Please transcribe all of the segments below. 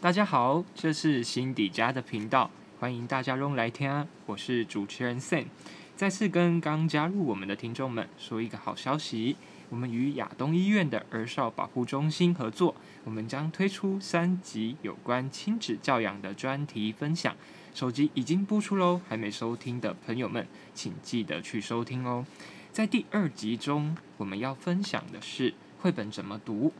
大家好，這是心底家的頻道，歡迎大家攏來聽。我是主持人 Sam，再次跟剛加入我們的聽眾們說一個好消息：我們與亞東醫院的兒少保護中心合作，我們將推出三集有關親子教養的專題分享。手機已經播出嘍，還沒收聽的朋友們，請記得去收聽哦。在第二集中，我們要分享的是繪本怎麼讀。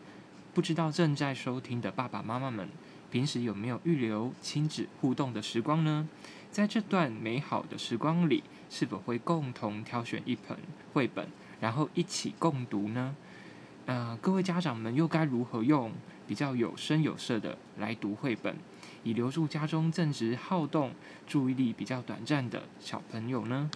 不知道正在收聽的爸爸媽媽們，平時有沒有預留親子互動的時光呢？在這段美好的時光裡，是否會共同挑選一本繪本，然後一起共讀呢？呃，各位家長們又該如何用比較有聲有色的來讀繪本？以留住家中正值好動、注意力比較短暫的小朋友呢？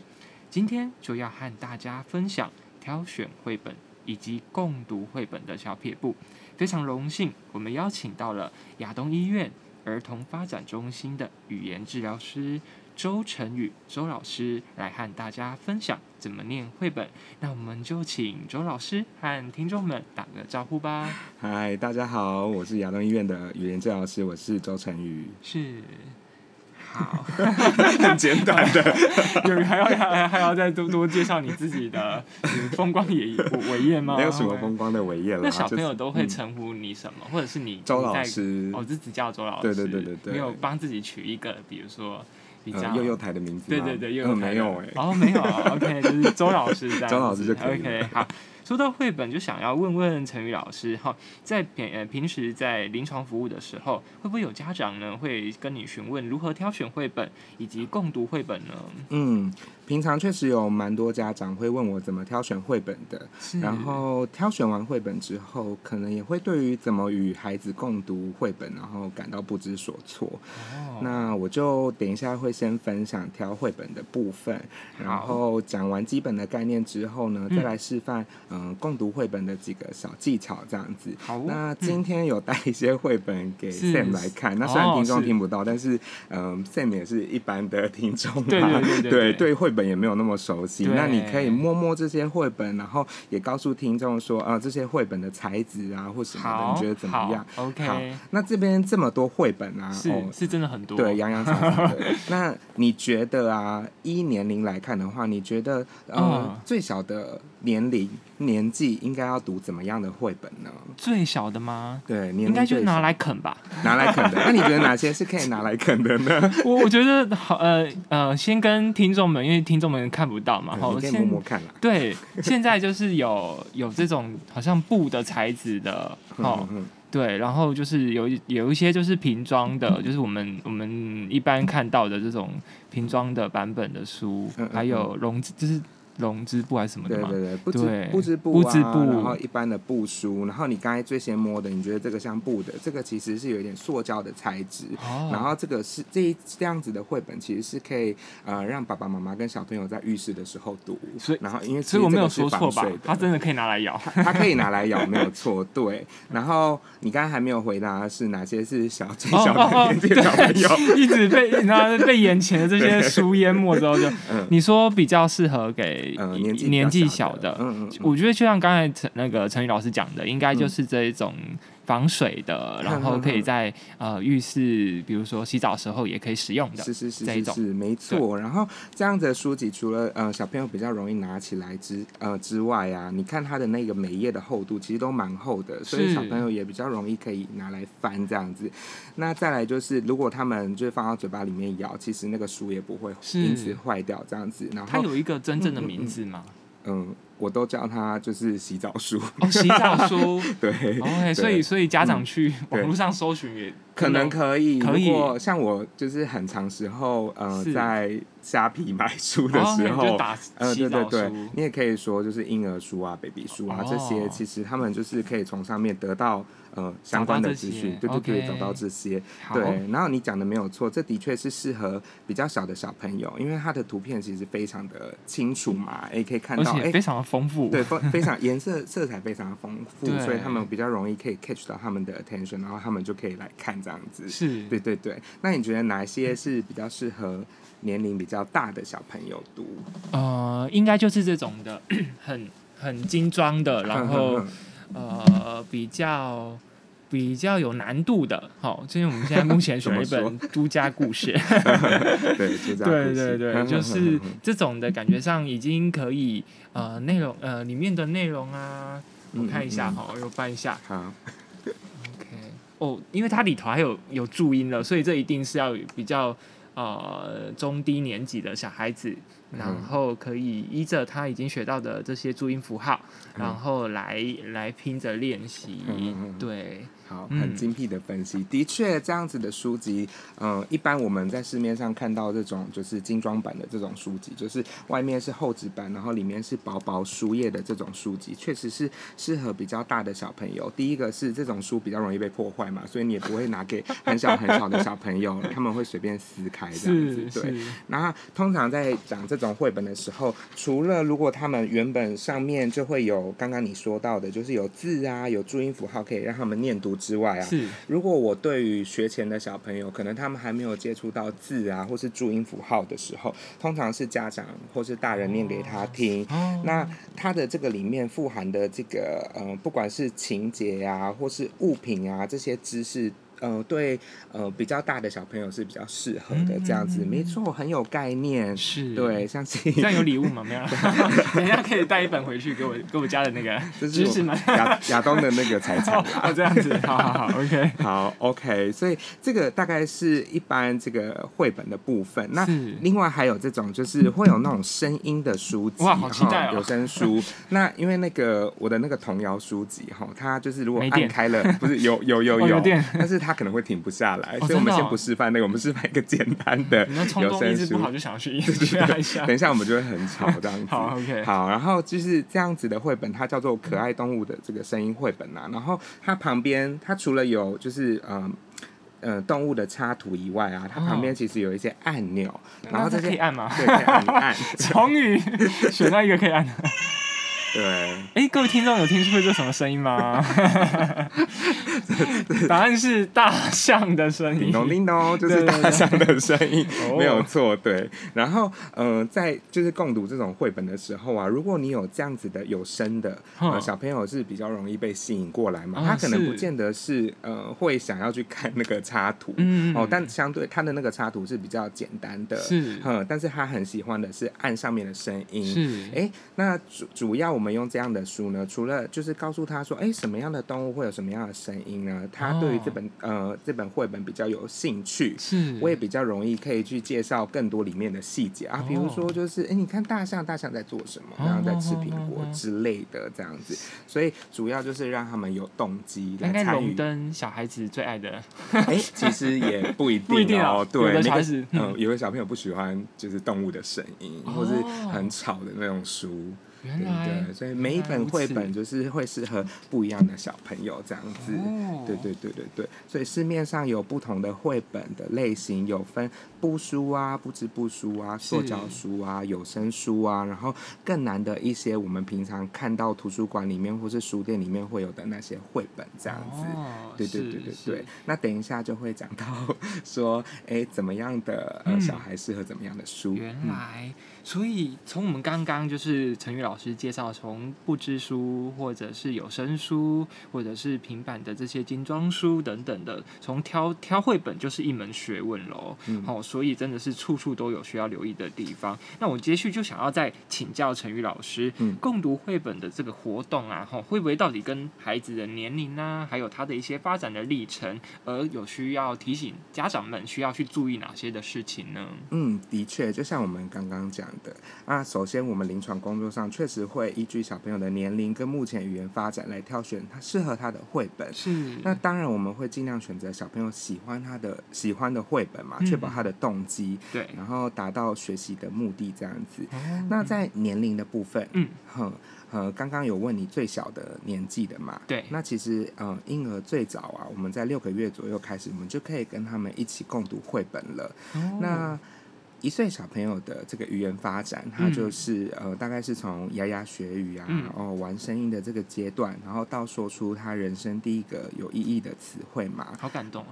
今天就要和大家分享挑選繪本以及共讀繪本的小撇步。非常榮幸，我們邀請到了亞東醫院兒童發展中心的語言治療師。周辰宇，周老師來和大家分享怎麼念繪本。那我們就請周老師和聽眾們打個招呼吧。嗨，大家好，我是亞東醫院的語言治療師，我是周辰宇。是，好， 很簡短的， 還有還要還要再多多介紹你自己的風光偉偉業嗎？沒有什麼風光的偉業了。那小朋友都會稱呼你什麼？就是嗯、或者是你在周老師？我只、哦、己叫周老師。對,對對對對對，沒有幫自己取一個，比如說。幼幼、嗯、台的名字，對對對，幼幼台嗯、沒有哎、欸，哦、oh, 沒有，OK， 就是周老師在。周老師就可 o、okay, k 好，說到繪本，就想要問問辰宇老師，哈，在平、呃、平時在臨床服務的時候，會不會有家長呢會跟你詢問如何挑選繪本以及共讀繪本呢？嗯。平常確實有蠻多家長會問我怎麼挑選繪本的，是然後挑選完繪本之後，可能也會對於怎麼與孩子共讀繪本，然後感到不知所措。Oh. 那我就等一下會先分享挑繪本的部分，好然後講完基本的概念之後呢，再來示範嗯、呃、共讀繪本的幾個小技巧這樣子。好，那今天有帶一些繪本給 Sam 來看，那雖然聽眾聽不到，oh, 但是嗯是、呃、Sam 也是一般的聽眾吧。對,對對對，對對繪本。也沒有那麼熟悉，對那你可以摸摸這些繪本，然後也告訴聽眾說啊、呃，這些繪本的材質啊或什麼的，好你覺得怎麼樣？好，okay、好，那這邊這麼多繪本啊，是、哦、是真的很多，對，洋洋灑灑的。 那你覺得啊，依年齡來看的話，你覺得呃，嗯、最小的？年齡年紀應該要讀怎麼樣的繪本呢？最小的嗎？對，年應該就是拿來啃吧。拿來啃的。那、 啊、你覺得哪些是可以拿來啃的呢？我我覺得好，呃呃，先跟聽眾們，因為聽眾們看不到嘛，好、嗯，先摸摸看。對，現在就是有有這種好像布的材質的，哈、 哦，對，然後就是有有一些就是平裝的，嗯、就是我們我們一般看到的這種平裝的版本的書，嗯嗯嗯還有融就是。龍織布還是什麼的嗎？對對對，布織布織布啊，然後一般的布書，然後你剛才最先摸的，你覺得這個像布的，這個其實是有一點塑膠的材質。哦。然後這個是這一這樣子的繪本，其實是可以呃讓爸爸媽媽跟小朋友在浴室的時候讀。所以然後因為所以我沒有說錯吧？他真的可以拿來咬，他可以拿來咬，沒有錯。對。然後你剛才還沒有回答是哪些是小最小的年紀的小朋友？一直被你知道，被眼前的這些書淹沒之後，就你說比較適合給。呃、年紀小的，我覺得就像剛才辰那個辰宇老師講的，應該就是這一種。嗯防水的，然後可以在呵呵呃浴室，比如說洗澡的時候也可以使用的，是是是,是,是這種沒錯。對然後這樣子的書籍除了呃小朋友比較容易拿起來之呃之外啊，你看它的那個每頁的厚度其實都蠻厚的，所以小朋友也比較容易可以拿來翻這樣子。是那再來就是，如果他們就是放到嘴巴裡面咬，其實那個書也不會因此壞掉這樣子。是然後它有一個真正的名字嗎？嗯。嗯嗯我都叫他就是洗澡書洗澡書對 OK 所以所以家長去網絡上搜尋也可能可以，如果像我就是很長時候呃在蝦皮買書的時候，呃對對對，你也可以說就是嬰兒書啊、baby 書啊這些，其實他們就是可以從上面得到呃相關的資訊，就對可以找到這些。對，然後你講的沒有錯，這的確是適合比較小的小朋友，因為他的圖片其實非常的清楚嘛，也可以看到，哎非常。豐富對，非常顏色色彩非常豐富，對所以他們比較容易可以 catch 到他們的 attention，然後他們就可以來看這樣子。是對對對。那你覺得哪些是比較適合年齡比較大的小朋友讀呃，應該就是這種的，很很精裝的，然後 呃比較。比較有難度的，好，所以我們現在目前選了一本《都家故事》 麼說， 對，就這樣對對，對就是這種的感覺上已經可以，呃，內容，呃，裡面的內容啊，嗯、我看一下哈，又翻一下，好，OK，哦、oh,，因為它裡頭還有有注音的，所以這一定是要比較呃中低年級的小孩子，然後可以依着他已經學到的這些注音符號，然後來、嗯、來拼着練習，嗯嗯嗯嗯對。好，很精闢的分析。嗯、的確，這樣子的書籍，嗯、呃，一般我們在市面上看到這種就是精裝版的這種書籍，就是外面是厚紙板，然後裡面是薄薄書頁的這種書籍，確實是適合比較大的小朋友。第一個是這種書比較容易被破壞嘛，所以你也不會拿給很小很小的小朋友， 他們會隨便撕開這樣子。對。然後，通常在講這種繪本的時候，除了如果他們原本上面就會有剛剛你說到的，就是有字啊，有注音符號，可以讓他們念讀。之外啊，是如果我對於學前的小朋友，可能他們還沒有接觸到字啊，或是注音符號的時候，通常是家長或是大人念給他聽。哦，那他的這個裡面富含的這個嗯，不管是情節啊，或是物品啊，這些知識。呃，對，呃，比較大的小朋友是比較適合的這樣子，沒錯，很有概念，是對，像這樣有禮物嗎？沒有，等一下可以帶一本回去給我，給我家的那個就是是嘛，亞亞東的那個財產哦，這樣子，好好好，OK，好，OK，所以這個大概是一般這個繪本的部分，那另外還有這種就是會有那種聲音的書籍，哇，好期待哦，有聲書。那因為那個我的那個童謠書籍哈，它就是如果按開了，不是有有有有，有電，但是它。他可能會停不下來，哦、所以我們先不示範那個，哦、我們示範一個簡單的有聲書。有聲音是不好就想要去示範 一下對對對，等一下我們就會很吵這樣子。 好，okay 好，然後就是這樣子的繪本，它叫做《可愛動物的這個聲音繪本、啊》吶。然後它旁邊，它除了有就是嗯嗯、呃呃、動物的插圖以外啊，它旁邊其實有一些按鈕，哦、然後這些這可以按嗎？對，可以按，按。終於 選到一個可以按的。 對，哎，各位聽眾有聽出這什麼聲音嗎？ 答案是大象的聲音，叮咚，叮咚就是大象的聲音，對對對沒有錯，對。然後，呃，在就是共讀這種繪本的時候啊，如果你有這樣子的有聲的，呃，小朋友是比較容易被吸引過來嘛，哦、他可能不見得是，是呃會想要去看那個插圖，嗯、哦，但相對他的那個插圖是比較簡單的，是、嗯、但是他很喜歡的是按上面的聲音，是哎，那主主要我。我們用這樣的書呢，除了就是告訴他說，哎，什麼樣的動物會有什麼樣的聲音呢？他對於這本、oh. 呃這本繪本比較有興趣，是，我也比較容易可以去介紹更多裡面的細節，oh. 啊，比如說就是，哎，你看大象，大象在做什麼？然後在吃蘋果之類的這樣子，所以主要就是讓他們有動機來參與。龍小孩子最愛的，哎， 其實也不一定哦， 定對，因的是嗯，呃、有的小朋友不喜歡就是動物的聲音，oh. 或是很吵的那種書。對，對。所以每一本繪本就是會適合不一樣的小朋友這樣子，對對對對對。所以市面上有不同的繪本的類型，有分布書啊、不織布書啊、塑膠書啊、是有聲書啊，然後更難的一些，我們平常看到圖書館裡面或是書店裡面會有的那些繪本這樣子。哦、對對對對對。是是那等一下就會講到說，誒，怎麼樣的呃，小孩適合怎麼樣的書？嗯嗯、原來。所以從我們剛剛就是辰宇老師介紹，從布織書、或者是有聲書、或者是平板的這些精裝書等等的，從挑挑繪本就是一門學問嘍。好、嗯，所以真的是處處都有需要留意的地方。那我接續就想要再請教辰宇老師，共讀繪本的這個活動啊，哈，會不會到底跟孩子的年齡啊，還有他的一些發展的歷程，而有需要提醒家長們需要去注意哪些的事情呢？嗯，的確，就像我們剛剛講。那、啊、首先，我們臨床工作上確實會依據小朋友的年齡跟目前語言發展來挑選他適合他的繪本。是。那當然，我們會盡量選擇小朋友喜歡他的喜歡的繪本嘛，嗯、確保他的動機。對。然後達到學習的目的，這樣子。嗯、那在年齡的部分，嗯哼，呃，剛剛有問你最小的年紀的嘛？對。那其實，嗯、呃，嬰兒最早啊，我們在六個月左右開始，我們就可以跟他們一起共讀繪本了。哦、那。一歲小朋友的這個語言發展，他就是、嗯、呃，大概是從牙牙學語啊，嗯、然後玩聲音的這個階段，然後到說出他人生第一個有意義的詞彙嘛。好感動，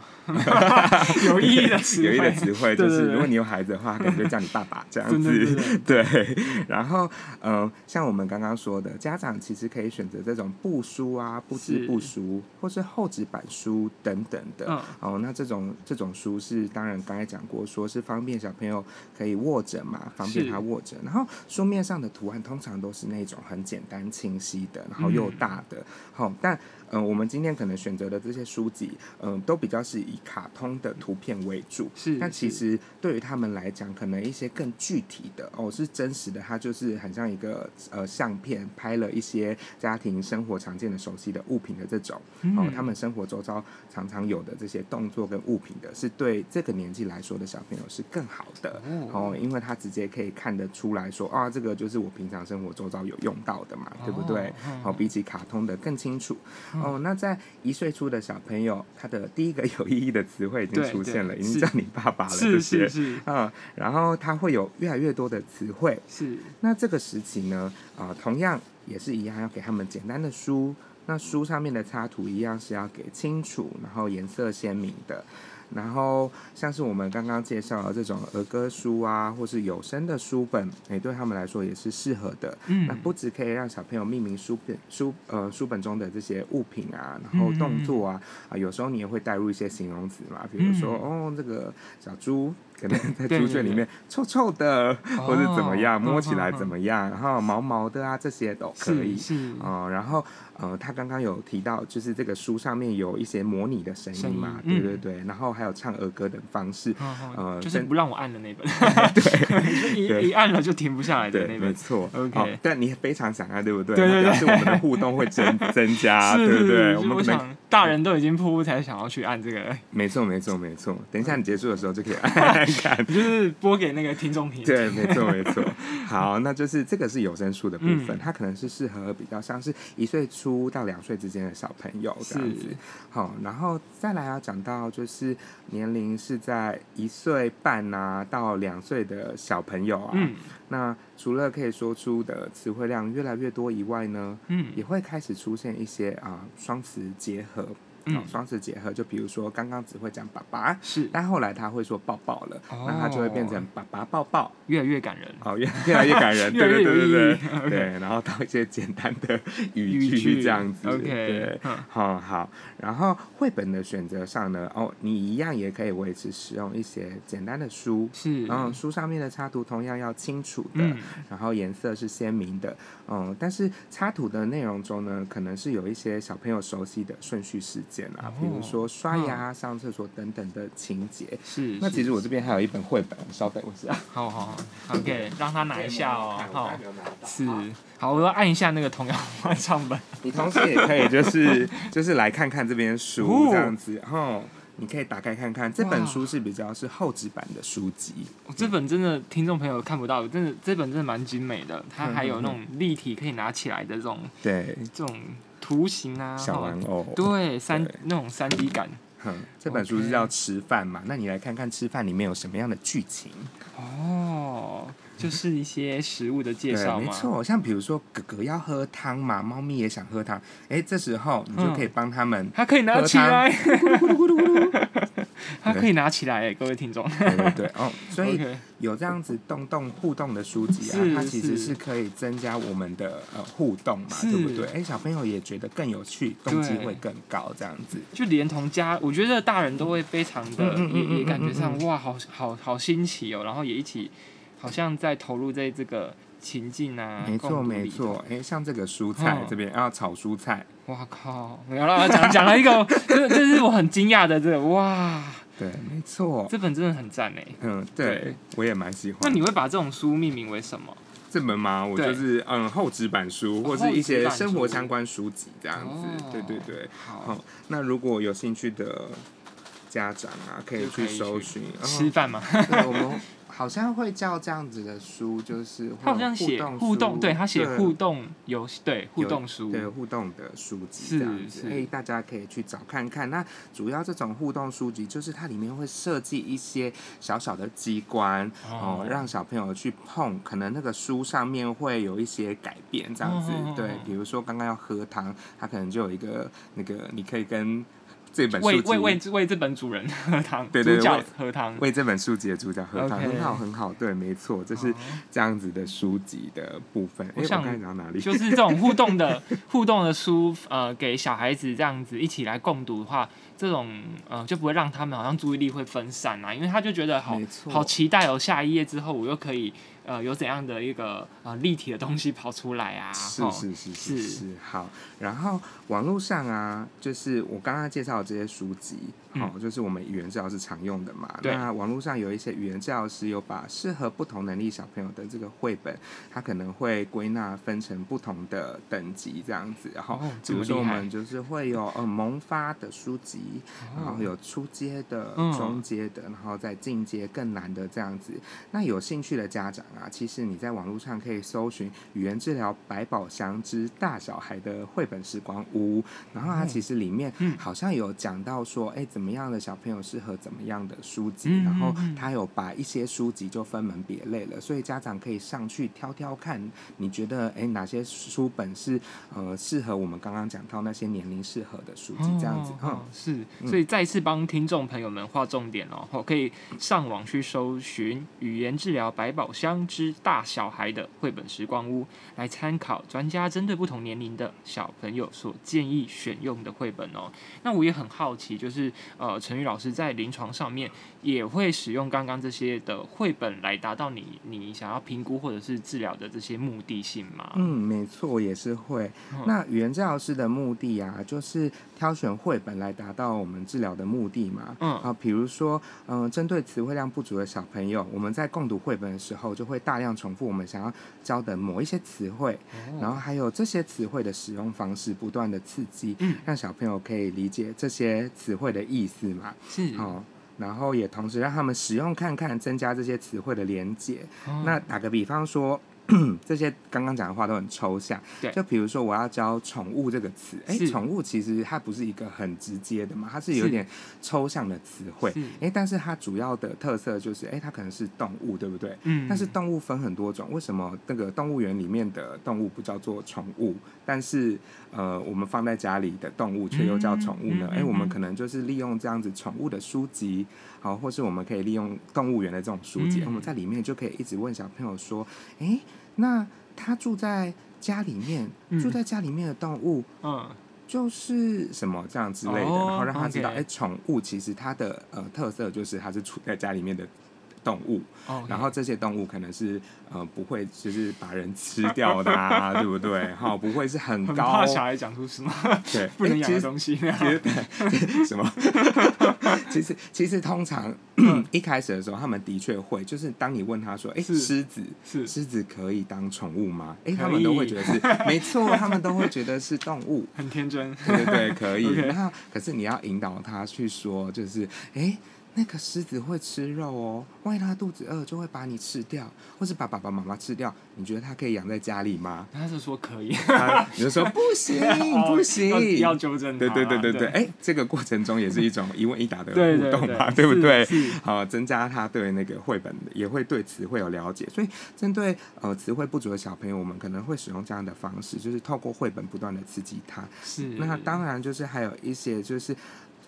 有意義的詞，有意義的詞彙就是，對對對，如果你有孩子的話，可能就叫你爸爸這樣子。對，對，對，對，然後嗯、呃，像我們剛剛說的，家長其實可以選擇這種布書啊、不織布書，是或是厚紙板書等等的。哦，哦，那這種這種書是，當然剛才講過說，說是方便小朋友。可以握着嘛，方便他握着。是然後書面上的圖案通常都是那種很簡單、清晰的，然後又大的。好、嗯嗯，但。嗯、呃，我們今天可能選擇的這些書籍，嗯、呃，都比較是以卡通的圖片為主。是。但其實對於他們來講，可能一些更具體的哦，是真實的，它就是很像一個呃相片，拍了一些家庭生活常見的、熟悉的物品的這種。哦、嗯。哦，他們生活周遭常常有的這些動作跟物品的，是對這個年紀來說的小朋友是更好的。嗯、哦。哦，因為他直接可以看得出來說啊，這個就是我平常生活周遭有用到的嘛，哦、對不對？嗯。哦，比起卡通的更清楚。哦，那在一歲初的小朋友，他的第一個有意義的詞彙已經出現了，已經叫你爸爸了這些，是是是，啊、嗯，然後他會有越來越多的詞彙。是，那這個時期呢，啊、呃，同樣也是一樣，要給他們簡單的書，那書上面的插圖一樣是要給清楚，然後顏色鮮明的。然後像是我們剛剛介紹的這種兒歌書啊，或是有聲的書本，哎，對他們來說也是適合的。嗯、那不只可以讓小朋友命名書本、書呃書本中的這些物品啊，然後動作啊，嗯嗯嗯啊，有時候你也會帶入一些形容詞嘛，比如說、嗯、哦，這個小豬。可能在豬圈裡面臭臭的，或是怎麼樣，摸起來怎麼樣，然後毛毛的啊，這些都可以。哦，然後呃，他剛剛有提到，就是這個書上面有一些模擬的聲音嘛，對對對，然後還有唱兒歌的方式。呃，就是不讓我按的那本，對，一按了就停不下來的那本，沒錯。O K，但你非常想按，對不對？對對對，是我們的互動會增增加，對不對？我們不想大人都已經撲才想要去按這個，沒錯沒錯沒錯。等一下你結束的時候就可以按。 就是播給那個聽眾聽。對，沒錯沒錯。好，那就是這個是有聲書的部分，嗯、它可能是適合比較像是一歲初到兩歲之間的小朋友這樣子。好是、哦，然後再來要講到就是年齡是在一歲半啊到兩歲的小朋友啊，嗯、那除了可以說出的詞彙量越來越多以外呢，嗯，也會開始出現一些啊雙詞結合。哦、雙詞結合，就比如說剛剛只會講“爸爸”，是，但後來他會說“抱抱”了，哦、那他就會變成“爸爸抱抱越越、哦越”，越來越感人哦，越越來越感人，對對對對， 對，然後到一些簡單的語句這樣子，OK，對、嗯嗯、好，然後繪本的選擇上呢，哦，你一樣也可以維持使用一些簡單的書，是，然後書上面的插圖同樣要清楚的，嗯、然後顏色是鮮明的，嗯，但是插圖的內容中呢，可能是有一些小朋友熟悉的順序時間。比如說刷牙、上廁所等等的情節。是。那其實我這邊還有一本繪本，稍等我一下。好好好，OK，讓他拿一下哦。好。是。好，我要按一下那個同樣翻唱本。你同時也可以就是就是來看看這邊書這樣子，吼。你可以打開看看，這本書是比較是厚紙板的書籍。哦，這本真的聽眾朋友看不到，真的這本真的蠻精美的，它還有那種立體可以拿起來的這種。對。這種。圖形啊，小玩偶，嗯、對，三對那種三 D 感，嗯。這本書是叫吃飯嘛？Okay 那你來看看吃飯裡面有什麼樣的劇情哦，oh, 就是一些食物的介紹嘛。 啊、沒錯、哦，像比如說哥哥要喝湯嘛，貓咪也想喝湯，哎，這時候你就可以幫他們、嗯，他可以拿起來。湯 它可以拿起來，對對對各位聽眾。對對對，哦，所以有這樣子動動互動的書籍啊，它是其實是可以增加我們的呃互動嘛，是對不對？哎、欸，小朋友也覺得更有趣，動機會更高，這樣子對。就連同家，我覺得大人都會非常的，嗯嗯嗯也也感覺上嗯嗯哇，好好好新奇哦，然後也一起，好像在投入在這個情境啊。沒錯沒錯，哎、欸，像這個蔬菜、哦、這邊啊，炒蔬菜。哇靠！沒有啦！講講了一個，這是我很驚訝的，這哇。對，沒錯，這本真的很讚呢。嗯，對，我也蠻喜歡。那你會把這種書命名為什麼？這本嗎？我就是嗯厚紙板書，或是一些生活相關書籍這樣子。對對對。好，那如果有興趣的家長啊，可以去搜尋。吃飯嗎？我們。好像會叫這樣子的書，就是他好像寫互動，對，它寫互動遊戲，對，互動書，對，互動的書籍這樣子，所以大家可以去找看看。那主要這種互動書籍，就是它裡面會設計一些小小的機關哦，讓小朋友去碰，可能那個書上面會有一些改變這樣子。對，比如說剛剛要喝湯，它可能就有一個那個你可以跟。這本書為為為為這本主人喝湯，對，對對，喝湯為，堂為這本書籍的主角喝湯，Okay. 很好很好，對，沒錯，這，就是這樣子的書籍的部分。Oh. 欸、我想我看哪裡就是這種互動的 互動的書，呃，給小孩子這樣子一起來共讀的話，這種呃，就不會讓他們好像注意力會分散啊，因為他就覺得好錯好期待哦，下一頁之後我又可以。呃，有怎樣的一個呃立體的東西跑出來啊？是是是是是，是，是好。然後網絡上啊，就是我剛剛介紹的這些書籍。嗯、哦，就是我們語言治療師常用的嘛。對。那網絡上有一些語言治療師有把適合不同能力小朋友的這個繪本，他可能會歸納分成不同的等級這樣子，然後比如說我們就是會有呃萌發的書籍，然後有初階的、中階的，然後再進階更難的這樣子。那有興趣的家長啊，其實你在網絡上可以搜尋語言治療百寶箱之大小孩的繪本時光屋，然後它、啊、其實裡面好像有講到說，哎，怎麼什麼樣的小朋友適合怎麼樣的書籍？嗯、然後他有把一些書籍就分門別類了，所以家長可以上去挑挑看，你覺得誒哪些書本是呃適合我們剛剛講到那些年齡適合的書籍？哦、這樣子，哈、嗯哦，是，所以再次幫聽眾朋友們劃重點哦，可以上網去搜尋《語言治療百寶箱之大小孩的繪本時光屋》來參考專家針對不同年齡的小朋友所建議選用的繪本哦。那我也很好奇，就是。呃，辰宇老師在臨床上面，也會使用剛剛這些的繪本來達到你你想要評估或者是治療的這些目的性嗎？嗯，沒錯，也是會。嗯、那語言治療師的目的啊，就是挑選繪本來達到我們治療的目的嘛。嗯。啊，比如說，嗯、呃，針對詞彙量不足的小朋友，我們在共讀繪本的時候，就會大量重複我們想要教的某一些詞彙，哦、然後還有這些詞彙的使用方式，不斷的刺激，嗯、讓小朋友可以理解這些詞彙的意思嘛。是。然後也同時讓他們使用看看，增加這些詞彙的連接。哦、那打個比方說。咳咳這些剛剛講的話都很抽象，對，就比如說我要教“寵物”這個詞，誒是，欸、寵物其實它不是一個很直接的嘛，它是有點抽象的詞彙，誒是、欸，但是它主要的特色就是，誒、欸，它可能是動物，對不對？嗯。但是動物分很多種，為什麼那個動物園裡面的動物不叫做寵物，但是呃，我們放在家裡的動物卻又叫寵物呢？誒、嗯嗯嗯欸，我們可能就是利用這樣子寵物的書籍，好，或是我們可以利用動物園的這種書籍，嗯、我們在裡面就可以一直問小朋友說，誒、欸……那他住在家裡面，嗯、住在家裡面的動物，嗯，就是什麼這樣之類的，oh, 然後讓他知道，哎 okay.、欸，寵物其實它的呃特色就是它是住在家裡面的。動物，然後這些動物可能是呃不會就是把人吃掉的，對不對？哈，不會是很高。小孩講出什麼？對，不能養的東西。其實什麼？其實其實通常一開始的時候，他們的確會，就是當你問他說：“哎，獅子獅子可以當寵物嗎？”哎，他們都會覺得是沒錯，他們都會覺得是動物，很天真。對對對，可以。那可是你要引導他去說，就是哎。那個獅子會吃肉哦，萬一它肚子餓，就會把你吃掉，或是把爸爸媽媽吃掉。你覺得它可以養在家裡嗎？他是說可以， 啊、你就說 不行，哦、不行，要糾正他。對對對對對，哎對、欸，這個過程中也是一種一問一答的互 動嘛，對，對，對，對不對？好、呃，增加他對那個繪本也會對詞彙有了解。所以，針對呃詞彙不足的小朋友，我們可能會使用這樣的方式，就是透過繪本不斷的刺激他。是，那當然就是還有一些就是、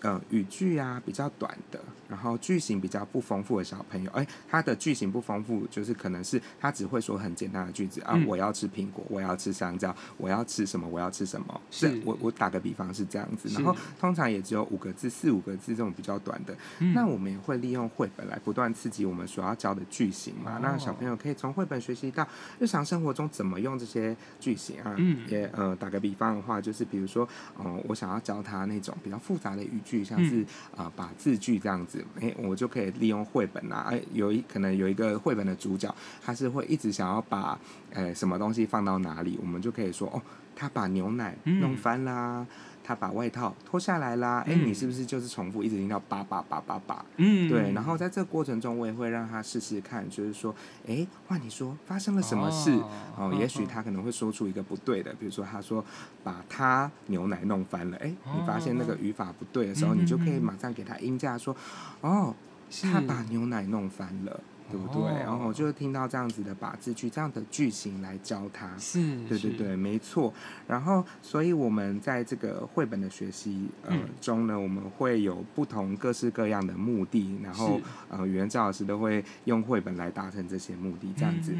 呃、語句啊比較短的。然後句型比較不豐富的小朋友，哎，他的句型不豐富，就是可能是他只會說很簡單的句子啊，嗯、我要吃蘋果，我要吃香蕉，我要吃什麼，我要吃什麼，是我我打個比方是這樣子。是然後通常也只有五個字，四五個字這種比較短的嗯、那我們也會利用繪本來不斷刺激我們所要教的句型嘛。哦、那小朋友可以從繪本學習到日常生活中怎麼用這些句型啊。嗯、也呃，打個比方的話，就是比如說，嗯、呃，我想要教他那種比較複雜的語句，像是啊、嗯呃，把字句這樣子。誒，我就可以利用繪本啊，誒，有一可能有一個繪本的主角，他是會一直想要把，呃，什麼東西放到哪裡，我們就可以說，哦，他把牛奶弄翻啦。嗯他把外套脫下來啦，哎、嗯欸，你是不是就是重複一直聽到叭叭叭叭叭叭？嗯，對。然後在這個過程中，我也會讓他試試看，就是說，哎、欸，哇，你說發生了什麼事？哦，哦也許他可能會說出一個不對的，哦、比如說他說把他牛奶弄翻了，哎、欸，你發現那個語法不對的時候，哦、你就可以馬上給他鷹架說，嗯嗯嗯哦，是他把牛奶弄翻了。對不對？對然後我就聽到這樣子的把字句，這樣的句型來教他。是，對對對，是沒錯。然後，所以我們在這個繪本的學習呃、嗯、中呢，我們會有不同各式各樣的目的。然後，是呃，語言趙老師都會用繪本來達成這些目的，這樣子。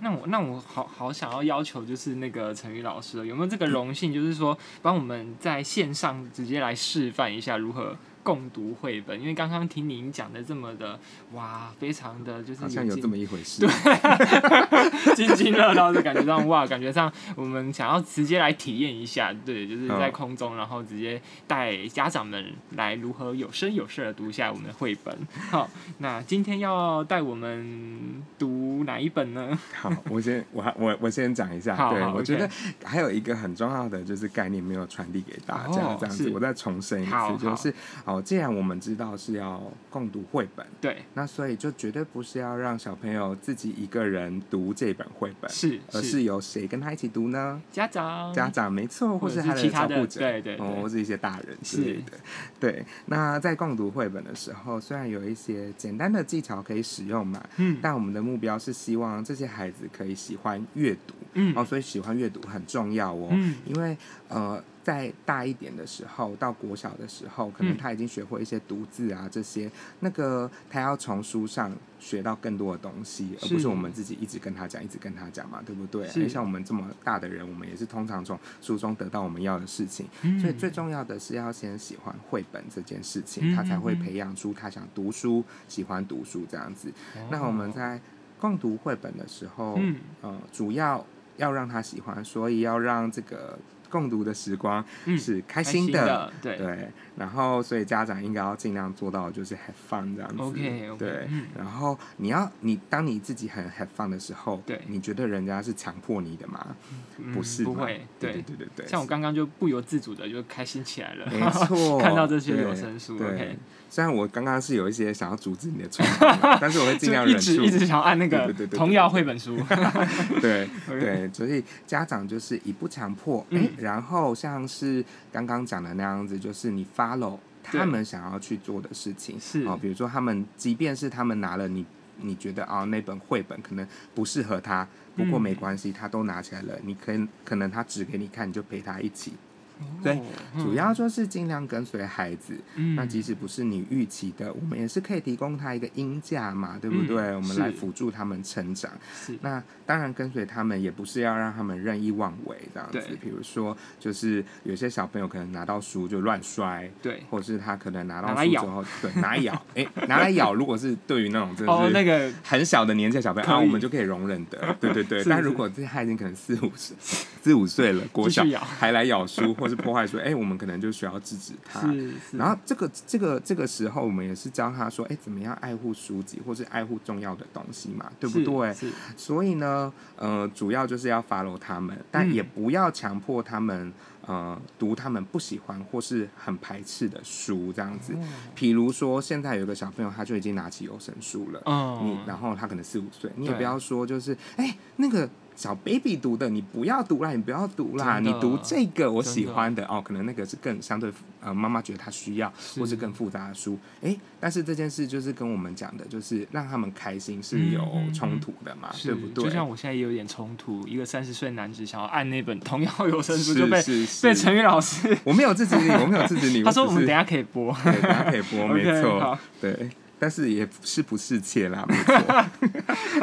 那我那我好好想要要求，就是那個辰宇老師，有沒有這個榮幸，嗯、就是說幫我們在線上直接來示範一下如何？共讀繪本，因為剛剛聽您講的這麼的哇，非常的就是好像有這麼一回事，對，津津樂道的感覺上哇，感覺上我們想要直接來體驗一下，對，就是在空中，然後直接帶家長們來如何有聲有色的讀一下我們的繪本。好，那今天要帶我們讀哪一本呢？好，我先我還，我我先講一下，對我覺得還有一個很重要的就是概念沒有傳遞給大家，這樣子，我再重申一次，就是啊。既然我們知道是要共讀繪本，對，那所以就絕對不是要讓小朋友自己一個人讀這本繪本。是，是，而是由誰跟他一起讀呢？家長，家長沒錯，或是他的照顧者，或者是其他的，對對，對，哦，或是一些大人之類的，是對。那在共讀繪本的時候，雖然有一些簡單的技巧可以使用嘛，嗯，但我們的目標是希望這些孩子可以喜歡閱讀，嗯，哦，所以喜歡閱讀很重要哦，嗯，因為呃。在大一點的時候，到國小的時候，可能他已經學會一些讀字啊，嗯、這些那個他要從書上學到更多的東西，是而不是我們自己一直跟他講，一直跟他講嘛，對不對？而且是、欸、像我們這麼大的人，我們也是通常從書中得到我們要的事情。嗯、所以最重要的是要先喜歡繪本這件事情，嗯嗯嗯，他才會培養出他想讀書、喜歡讀書這樣子。哦、那我們在共讀繪本的時候，嗯、呃，主要要讓他喜歡，所以要讓這個。共讀的時光，嗯，是開心的，對對。對然後，所以家長應該要儘量做到，就是 have fun 這樣子。OK 對，然後你要你當你自己很 have fun 的時候，對，你覺得人家是強迫你的嗎？不是，不會。對對對對對。像我剛剛就不由自主的就開心起來了，沒錯。看到這些有聲書，對。雖然我剛剛是有一些想要阻止你的衝動，但是我會儘量忍住。一直想要按那個童謠繪本書。對對，所以家長就是以不強迫，哎，然後像是剛剛講的那樣子，就是你放。他們想要去做的事情是對、哦、比如說他們即便是他們拿了你，你覺得啊那本繪本可能不適合他，不過沒關係，嗯、他都拿起來了，你可以可能他只給你看，你就陪他一起。對，主要就是盡量跟隨孩子。那即使不是你預期的，我們也是可以提供他一個鷹架嘛，對不對？我們來輔助他們成長。是。那當然，跟隨他們也不是要讓他們任意妄為這樣子。比如說，就是有些小朋友可能拿到書就亂摔。對。或者是他可能拿到書之後，對拿咬，哎，拿來咬。如果是對於那種就是那個很小的年紀的小朋友，我們就可以容忍的。對對對。但如果這孩子可能四五十四五歲了，國小還來咬書或。 是破壞說，哎、欸，我們可能就需要制止他。然後這個這個這個時候，我們也是教他說，哎、欸，怎麼樣愛護書籍，或是愛護重要的東西嘛，對不對？所以呢，呃，主要就是要 follow 他們，但也不要強迫他們，嗯、呃讀他們不喜歡或是很排斥的書這樣子。比、哦、如說，現在有個小朋友，他就已經拿起有聲書了。嗯、哦。你，然後他可能四五歲，你也不要說就是，哎對、欸，那個。小 baby 讀的，你不要讀啦，你不要讀啦，真的你讀這個我喜歡的，真的哦，可能那個是更相對呃，媽媽覺得她需要，是或是更複雜的書。哎，但是這件事就是跟我們講的，就是讓他們開心是有衝突的嘛，嗯、對不對？就像我現在也有點衝突，一個三十歲男子想要按那本童謠有聲書，就被是是是被辰宇老師，我沒有制止你，我沒有制止你， 他說我們等下可以播，對等下可以播， okay, 沒錯，好對。但是也是不是切啦，沒錯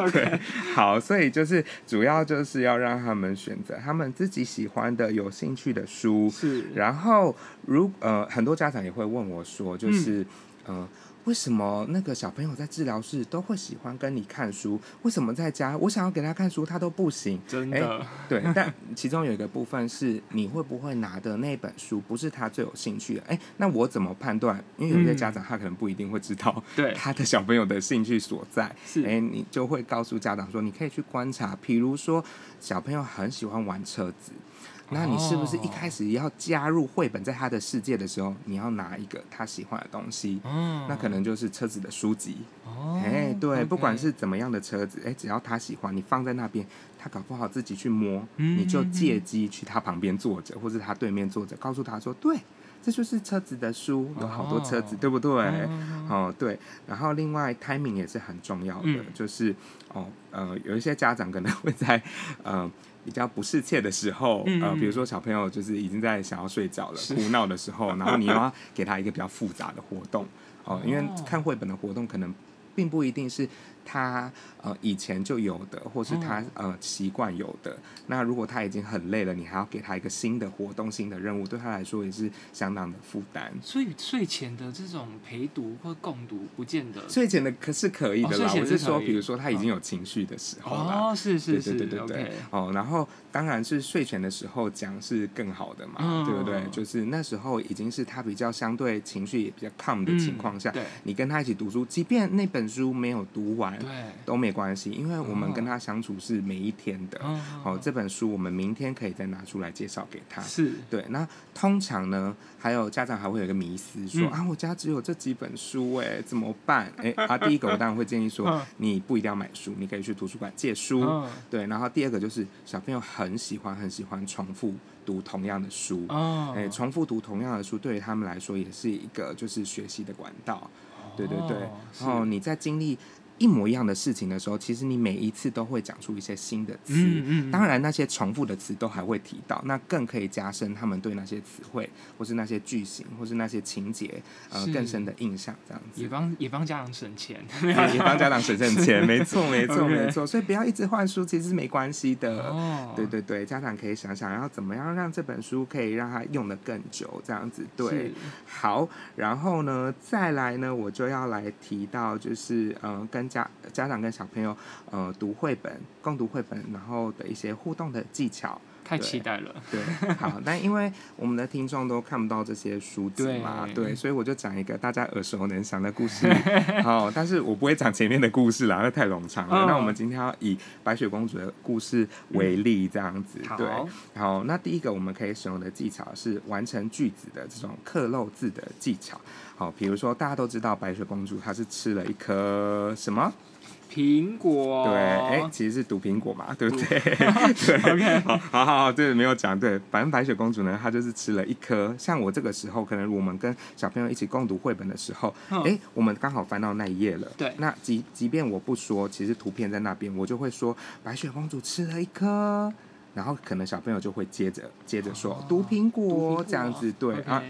，OK，好，所以就是主要就是要讓他們選擇他們自己喜歡的、有興趣的書，是。然後如呃，很多家長也會問我說，就是嗯。呃為什麼那個小朋友在治療室都會喜歡跟你看書？為什麼在家我想要給他看書，他都不行？真的、欸、對， 但其中有一個部分是，你會不會拿的那本書不是他最有興趣的？哎、欸，那我怎麼判斷？因為有些家長他可能不一定會知道他的小朋友的興趣所在。是哎、欸，你就會告訴家長說，你可以去觀察，譬如說小朋友很喜歡玩車子。那你是不是一開始要加入繪本在他的世界的時候，oh. 你要拿一個他喜歡的東西？Oh. 那可能就是車子的書籍。哎、oh. 欸，對，Okay. 不管是怎麼樣的車子，哎、欸，只要他喜歡，你放在那邊，他搞不好自己去摸，mm hmm. 你就借機去他旁邊坐着，或是他對面坐着，告訴他說，對。這就是車子的書，有好多車子，哦、對不對？哦，哦，對。然後另外，timing 也是很重要的，嗯、就是哦，呃，有一些家長可能會在呃比較不適切的時候，嗯嗯呃，比如說小朋友就是已經在想要睡覺了，哭鬧的時候，是然後你要給他一個比較複雜的活動，嗯、哦，因為看繪本的活動可能並不一定是。他呃以前就有的，或是他呃習慣有的。哦、那如果他已經很累了，你還要給他一個新的活動、新的任務，對他來說也是相當的負擔。所以睡前的這種陪讀或共讀不見得。睡前的可是可以的啦。哦、是我是說，哦、比如說他已經有情緒的時候哦，是是是對對，對對對。okay 哦，然後當然是睡前的時候講是更好的嘛，哦、對不對？就是那時候已經是他比較相對情緒也比較 calm 的情況下，嗯、你跟他一起讀書，即便那本書沒有讀完。對，都沒關係，因為我們跟他相處是每一天的。好、oh, 哦，這本書我們明天可以再拿出來介紹給他。是，對。那通常呢，還有家長還會有一個迷思說，說、嗯、啊，我家只有這幾本書，哎，怎麼辦？哎，啊，第一個我當然會建議說，oh, 你不一定要買書，你可以去圖書館借書。Oh. 對，然後第二個就是小朋友很喜歡很喜歡重複讀同樣的書。哦，哎，重複讀同樣的書對於他們來說也是一個就是學習的管道。Oh, 對對對，然後是、哦、你在經歷。一模一樣的事情的時候，其實你每一次都會講出一些新的詞，嗯，嗯，當然那些重複的詞都還會提到，那更可以加深他們對那些詞彙，或是那些句型，或是那些情節呃是更深的印象，這樣子也幫也幫家長省錢， 也幫家長省省錢， 沒錯沒錯 Okay. 沒錯，所以不要一直換書，其實是沒關係的。哦，oh. 對對對，家長可以想想，要怎麼樣讓這本書可以讓他用得更久，這樣子對。是好，然後呢再來呢，我就要來提到就是嗯跟。呃家家長跟小朋友，呃，讀繪本，共讀繪本，然後的一些互動的技巧。太期待了，對，對。好，那因為我們的聽眾都看不到這些書籍嘛，對，對，所以我就講一個大家耳熟能詳的故事。好、 哦，但是我不會講前面的故事啦，那太冗長了。哦、那我們今天要以白雪公主的故事為例，嗯、這樣子。對，好，那第一個我們可以使用的技巧是完成句子的這種克漏字的技巧。好，比如說大家都知道白雪公主她是吃了一顆什麼？蘋果。對，哎，其實是毒蘋果嘛，對不對？ 對 ，OK，好，好好好，對，沒有講對，反正白雪公主呢，她就是吃了一顆。像我這個時候，可能我們跟小朋友一起共讀繪本的時候，哎哼，我們剛好翻到那一頁了。對，那即即便我不說，其實圖片在那邊，我就會說白雪公主吃了一顆，然後可能小朋友就會接着接着說毒蘋果、哦、毒蘋果這樣子，對 Okay. 啊。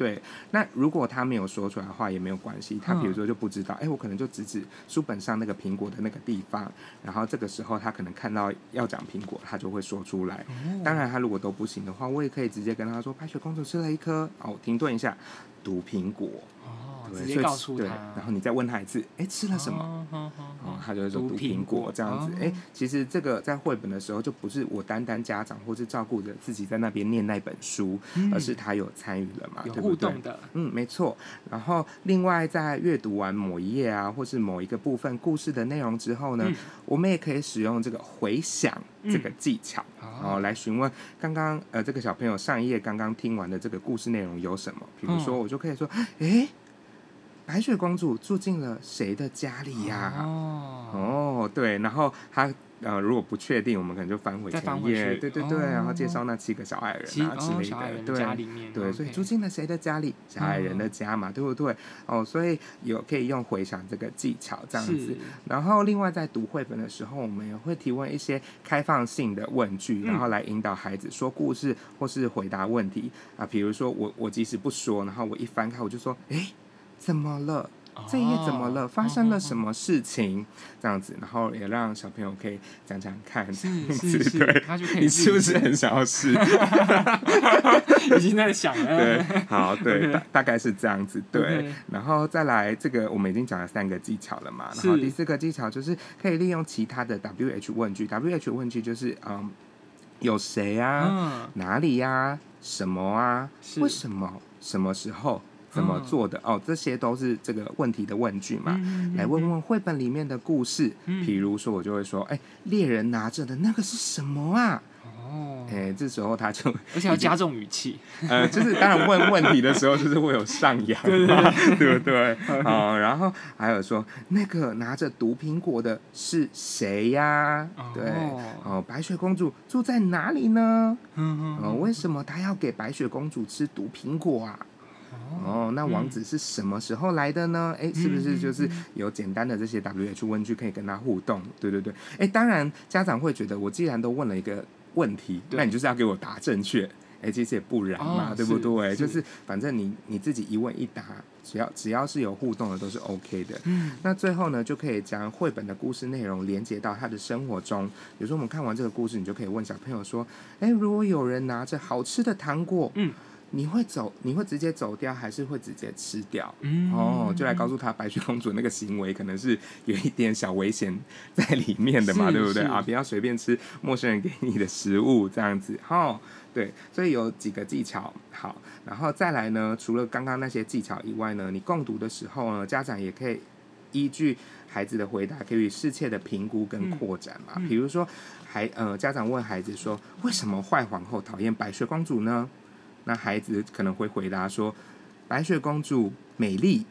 對，那如果他沒有說出來的話也沒有關係，他比如說就不知道，哎、嗯，我可能就指指書本上那個蘋果的那個地方，然後這個時候他可能看到要講蘋果，他就會說出來。嗯、當然，他如果都不行的話，我也可以直接跟他說：“白雪公主吃了一顆。”哦，停頓一下。毒蘋果。對，直接告訴他，對，然後你再問他一次，誒，吃了什麼？哦，哦，哦，哦，他就會說毒蘋果這樣子。哎，其實這個在繪本的時候，就不是我單單家長或是照顧者，自己在那邊念那本書，嗯、而是他有參與了嘛，有互動的對對。嗯，沒錯。然後另外在閱讀完某一頁啊，或是某一個部分故事的內容之後呢，嗯、我們也可以使用這個回想這個技巧，哦、嗯，來詢問剛剛呃這個小朋友上一頁剛剛聽完的這個故事內容有什麼？比如說我就可以說，哎、嗯，白雪公主住進了誰的家裡呀、啊？哦，哦，對，然後他。呃，如果不確定，我們可能就翻回前頁，再翻回去，對對對，哦、然後介紹那七個小矮人啊，七個、哦、小矮人家裡面，對，對 okay. 所以住進了誰的家裡？小矮人的家嘛，嗯、對不對？哦，所以有可以用回想這個技巧這樣子。是然後另外在讀繪本的時候，我們也會提問一些開放性的問句，然後來引導孩子說故事或是回答問題、嗯、啊。比如說我我即使不說，然後我一翻開我就說，哎、欸，怎麼了？這一頁怎麼了？發生了什麼事情？Oh, okay, okay. 這樣子，然後也讓小朋友可以講講看。是是對是，他就可以。你是不是很想要吃？ 已經在想了。對，好對，Okay. 大大概是這樣子。對，Okay. 然後再來這個，我們已經講了三個技巧了嘛。是。然後第四個技巧就是可以利用其他的 W H 問句。W H 問句就是嗯，有誰啊？Uh. 哪裡呀、啊？什麼啊？是為什麼？什麼時候？怎麼做的哦,哦？這些都是這個問題的問句嘛？嗯嗯嗯來問問繪本裡面的故事。比、嗯嗯、如說，我就會說：“哎、欸，獵人拿着的那個是什麼啊？”哦，哎、欸，這時候他就而且要加重語氣，呃、欸，就是當然問問題的時候就是會有上揚嘛， 對對對，不對,對,對？啊、 哦，然後還有說，那個拿着毒蘋果的是誰呀、啊？哦對哦，白雪公主住在哪裡呢？嗯嗯哼、哦、為什麼她要給白雪公主吃毒蘋果啊？哦，那王子是什麼時候來的呢？嗯、誒，是不是就是有簡單的這些 W H 問句可以跟他互動？對對對，誒，當然家長會覺得，我既然都問了一個問題，對那你就是要給我答正確。誒，其實也不然嘛，哦、對不對？是是就是反正你你自己一問一答，只要只要是有互動的都是 OK 的。嗯，那最後呢，就可以將繪本的故事內容連接到他的生活中。比如說，我們看完這個故事，你就可以問小朋友說：“誒，如果有人拿着好吃的糖果，嗯。”你會走，你會直接走掉，還是會直接吃掉？哦、嗯，oh, 就來告訴他白雪公主那個行為可能是有一點小危險在裡面的嘛，是對不對是啊？不要隨便吃陌生人給你的食物，這樣子哈。Oh, 對，所以有幾個技巧。好，然後再來呢，除了剛剛那些技巧以外呢，你共讀的時候呢，家長也可以依據孩子的回答，給予適切的評估跟擴展嘛。嗯、比如說，孩呃，家長問孩子說，為什麼壞皇后討厭白雪公主呢？那孩子可能會回答說：“白雪公主美麗。”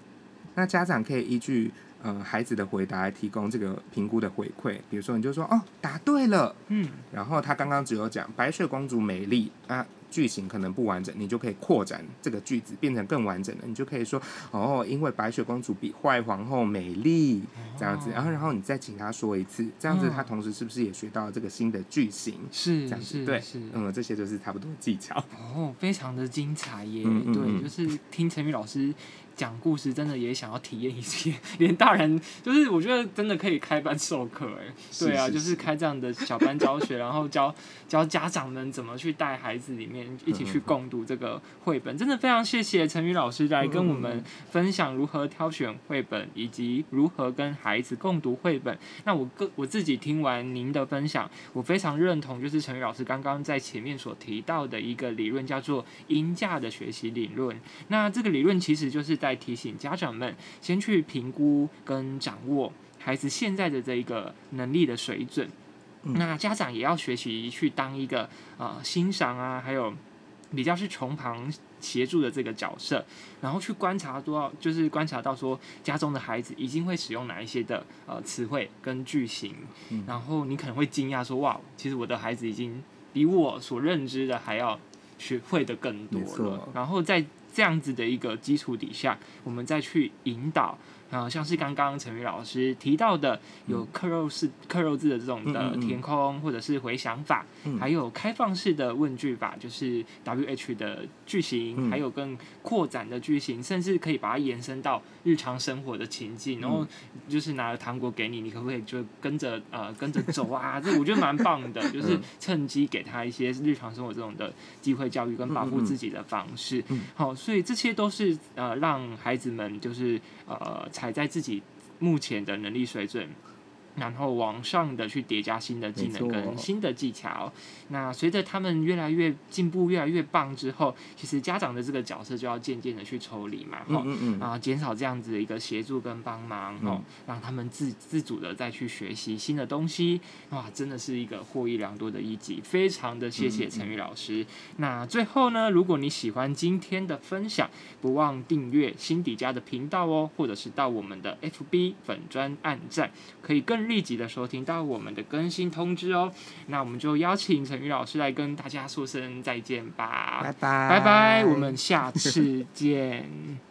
那家長可以依據呃孩子的回答來提供這個評估的回饋，比如說你就說：“哦，答對了。”嗯，然後他剛剛只有講“白雪公主美麗”啊。句型可能不完整，你就可以擴展這個句子，變成更完整的。你就可以說，哦，因為白雪公主比壞皇后美麗、哦、這樣子。然後，然後你再請他說一次，這樣子他同時是不是也學到了這個新的句型？是、哦、這樣子，對，是嗯，這些就是差不多技巧。哦，非常的精彩耶！嗯嗯嗯對，就是聽辰宇老師。講故事真的也想要體驗一些。連大人就是我覺得真的可以開班授課誒、欸，對啊，是是是，就是開這樣的小班教學，然後教 教家長們怎麼去帶孩子，裡面一起去共讀這個繪本，真的非常謝謝辰宇老師來跟我們分享如何挑選繪本以及如何跟孩子共讀繪本。那我個我自己聽完您的分享，我非常認同，就是辰宇老師剛剛在前面所提到的一個理論，叫做“鷹架”的學習理論。那這個理論其實就是在。來提醒家長們，先去評估跟掌握孩子現在的這一個能力的水準。嗯、那家長也要學習去當一個啊、呃、欣賞啊，還有比較是從旁協助的這個角色，然後去觀察多少，就是觀察到說家中的孩子已經會使用哪一些的呃詞彙跟句型。嗯、然後你可能會驚訝說，哇，其實我的孩子已經比我所認知的還要學會的更多了。啊、然後在這樣子的一個基礎底下，我們再去引導。啊，像是剛剛辰宇老師提到的，有克漏式、克漏字的這種的填空，或者是回想法，還有開放式的問句法，就是 W H 的句型，還有更擴展的句型，甚至可以把它延伸到日常生活的情境。然後就是拿了糖果給你，你可不可以就跟着呃跟着走啊？這我覺得蠻棒的，就是趁機給他一些日常生活這種的機會教育跟保護自己的方式。好，所以這些都是呃讓孩子們就是呃。踩在自己目前的能力水準。然後往上的去疊加新的技能跟新的技巧、哦，哦、那隨着他們越來越進步、越來越棒之後，其實家長的這個角色就要漸漸的去抽離嘛，哈、嗯嗯嗯，然後減少這樣子的一個協助跟幫忙，嗯、哦，讓他們自自主的再去學習新的東西，哇，真的是一個獲益良多的一集，非常的謝謝辰宇老師。嗯嗯，那最後呢，如果你喜歡今天的分享，不忘訂閱心底家的頻道哦，或者是到我們的 FB 粉專按讚，可以更。立即的收聽到我們的更新通知哦，那我們就邀請辰宇老師來跟大家說聲再見吧，拜拜拜拜，我們下次見。